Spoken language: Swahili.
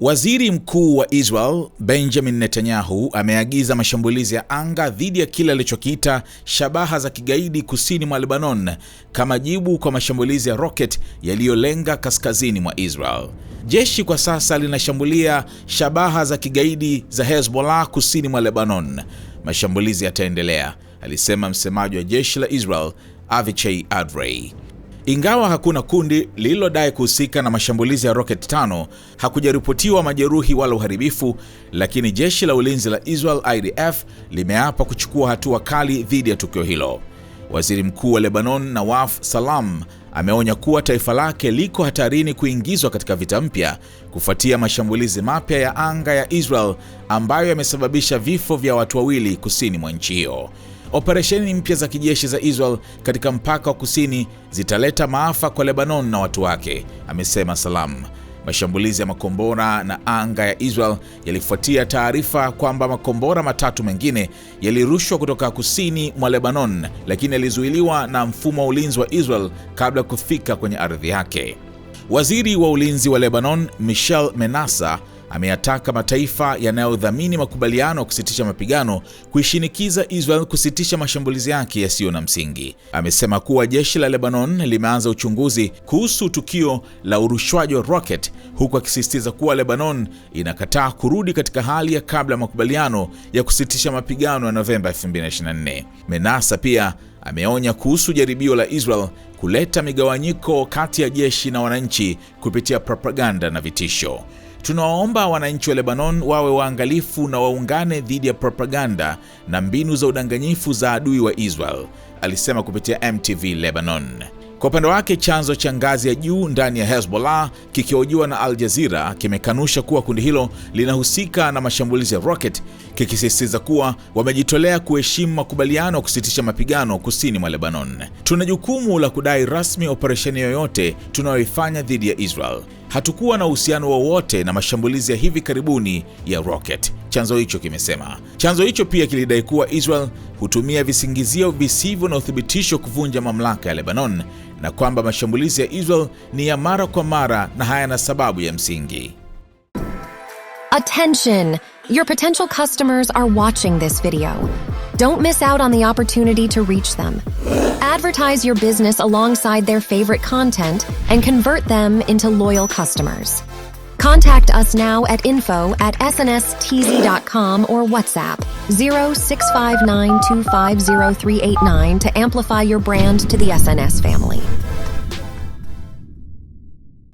Waziri Mkuu wa Israel Benjamin Netanyahu ameagiza mashambulizi ya anga dhidi ya kile alichokiita shabaha za kigaidi kusini mwa Lebanon kama jibu kwa mashambulizi ya roket yaliyolenga kaskazini mwa Israel. Jeshi kwa sasa linashambulia shabaha za kigaidi za Hezbollah kusini mwa Lebanon. Mashambulizi yataendelea, alisema msemaji wa jeshi la Israel Avichai Adrey. Ingawa hakuna kundi lililodai kuhusika na mashambulizi ya roket tano, hakujaripotiwa majeruhi wala uharibifu, lakini jeshi la ulinzi la Israel IDF limeapa kuchukua hatua kali dhidi ya tukio hilo. Waziri Mkuu wa Lebanon Nawaf Salam ameonya kuwa taifa lake liko hatarini kuingizwa katika vita mpya kufuatia mashambulizi mapya ya anga ya Israel ambayo yamesababisha vifo vya watu wawili kusini mwa nchi hiyo. Operesheni mpya za kijeshi za Israel katika mpaka wa kusini zitaleta maafa kwa Lebanon na watu wake, amesema Salam. Mashambulizi ya makombora na anga ya Israel yalifuatia taarifa kwamba makombora matatu mengine yalirushwa kutoka kusini mwa Lebanon, lakini yalizuiliwa na mfumo wa ulinzi wa Israel kabla ya kufika kwenye ardhi yake. Waziri wa ulinzi wa Lebanon Michel Menassa ameyataka mataifa yanayodhamini makubaliano ya kusitisha mapigano kuishinikiza Israel kusitisha mashambulizi yake yasiyo na msingi. Amesema kuwa jeshi la Lebanon limeanza uchunguzi kuhusu tukio la urushwaji wa rocket, huku akisisitiza kuwa Lebanon inakataa kurudi katika hali ya kabla ya makubaliano ya kusitisha mapigano ya Novemba 2024. Menasa pia ameonya kuhusu jaribio la Israel kuleta migawanyiko kati ya jeshi na wananchi kupitia propaganda na vitisho. Tunawaomba wananchi wa Lebanon wawe waangalifu na waungane dhidi ya propaganda na mbinu za udanganyifu za adui wa Israel, alisema kupitia MTV Lebanon. Kwa upande wake, chanzo cha ngazi ya juu ndani ya Hezbollah kikihojiwa na Al Jazeera kimekanusha kuwa kundi hilo linahusika na mashambulizi ya rocket, kikisisitiza kuwa wamejitolea kuheshimu makubaliano ya kusitisha mapigano kusini mwa Lebanon. Tuna jukumu la kudai rasmi operesheni yoyote tunayoifanya dhidi ya Israel hatukuwa na uhusiano wowote na mashambulizi ya hivi karibuni ya rocket, chanzo hicho kimesema. Chanzo hicho pia kilidai kuwa Israel hutumia visingizio visivyo na uthibitisho kuvunja mamlaka ya Lebanon na kwamba mashambulizi ya Israel ni ya mara kwa mara na hayana sababu ya msingi. Attention, your potential customers are watching this video. Don't miss out on the opportunity to reach them. advertise your business alongside their favorite content and convert them into loyal customers. Contact us now at info at snstz.com or WhatsApp 0659250389 to amplify your brand to the SNS family.